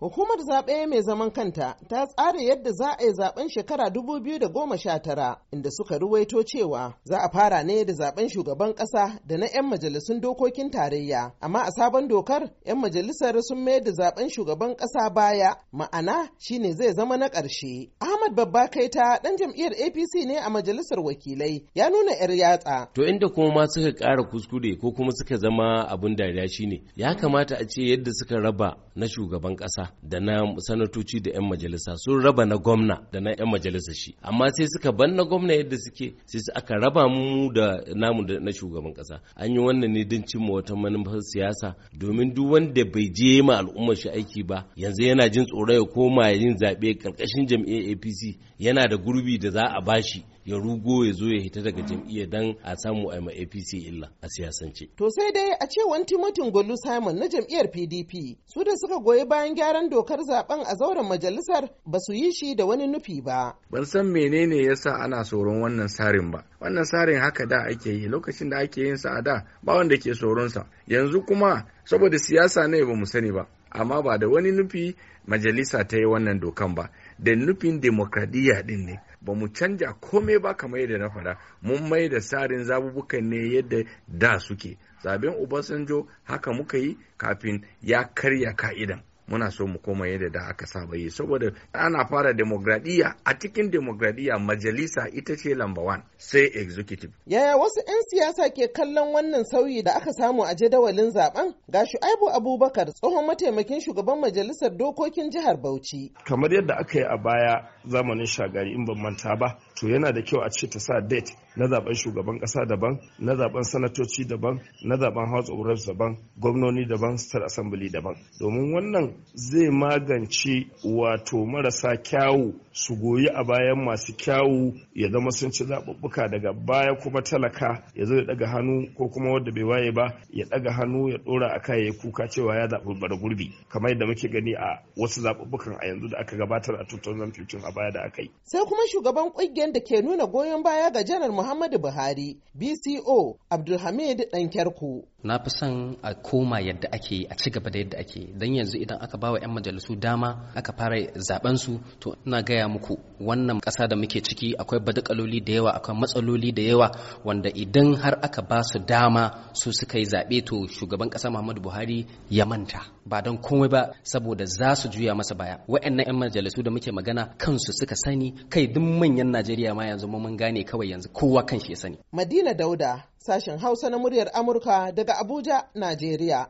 Hukumar zaɓe mai zaman kanta ta tsara yadda za a yi zaɓen shekara 2019 inda suka ruwaito cewa za a fara ne da zaɓen shugaban ƙasa da na 'yan majalisun dokokin tarayya. Amma a sabon dokar 'yan majalisar sun mayar da zaɓen shugaban ƙasa baya ma'ana shine zai zama na ƙarshe. Ahmad Babba Kaita ɗan jam'iyyar APC ne a majalisar wakilai ya nuna 'yar yatsa. To inda kuma ma suka ƙara kuskure ko kuma suka zama abun dariya shine ya kamata a ce yadda suka raba na shugaban ƙasa da na sanatoci da 'yan majalisa sun raba na gwamna da na 'yan majalisa shi amma sai suka ban na gwamna yadda suke sai su aka raba mu da namu da na shugaban kasa an yi wannan ne don cimma wata manufar siyasa domin duk wanda bai je ma al'ummar shi aiki ba yanzu yana jin tsoro ya koma yin zaɓe karkashin jam'iyyar APC yana da gurbi da za a bashi ya rugo ya zo ya hita daga jam'iyyar dan a samu a ma APC illa a siyasance to sai dai a cewan Timotin Golu Simon na jam'iyyar PDP su da suka goyi bayan gyara gyaran dokar zaben a zauren majalisar ba su yi shi da wani nufi ba. Ban san menene yasa ana tsoron wannan sarin ba. Wannan sarin haka da ake yi lokacin da ake yin sa a da ba wanda ke tsoronsa. Yanzu kuma saboda siyasa ne ba mu sani ba. Amma ba da wani nufi majalisa ta yi wannan dokan ba. Da nufin demokradiyya din ne. Ba mu canja komai ba kamar yadda na faɗa. Mun mai da sarin zabubukan ne yadda da suke. Zaben Obasanjo haka muka yi kafin ya karya ka'idan. muna so mu koma yadda da aka saba yi saboda ana fara demokradiyya a cikin demokradiyya majalisa ita ce lamba wan sai executive yaya wasu 'yan siyasa ke kallon wannan sauyi da aka samu a jadawalin zaben ga shu'aibu abubakar tsohon mataimakin shugaban majalisar dokokin jihar bauchi kamar yadda aka yi a baya zamanin shagari in ban manta ba to yana da kyau a ce ta sa date na zaben shugaban kasa daban na zaben sanatoci daban na zaben house of reps daban gwamnoni daban state assembly daban domin wannan zai magance wato marasa kyawu su goyi a bayan masu kyawu ya zama sun ci zaɓuɓɓuka daga baya kuma talaka ya zo ya ɗaga hannu ko kuma wanda bai waye ba ya ɗaga hannu ya ɗora a kai ya kuka cewa ya zaɓi bara gurbi kamar yadda muke gani a wasu zaɓuɓɓukan a yanzu da aka gabatar a 2015 a baya da aka yi. Sai kuma shugaban ƙungiyar da ke nuna goyon baya ga janar Muhammadu Buhari BCO Abdulhamid Ɗankyarku na fi son a koma yadda ake a ci gaba da yadda ake don yanzu idan aka bawa 'yan majalisu dama aka fara zaben su to ina gaya muku wannan ƙasa da muke ciki akwai badakaloli da yawa akwai matsaloli da yawa wanda idan har aka ba su dama su suka yi zaɓe to shugaban ƙasa muhammadu buhari ya manta ba don komai ba saboda za su juya masa baya wa'annan 'yan majalisu da muke magana kansu suka sani kai duk manyan najeriya ma yanzu mun gane kawai yanzu kowa kan shi ya sani madina dauda Sashen Hausa na muryar Amurka daga Abuja, Najeriya.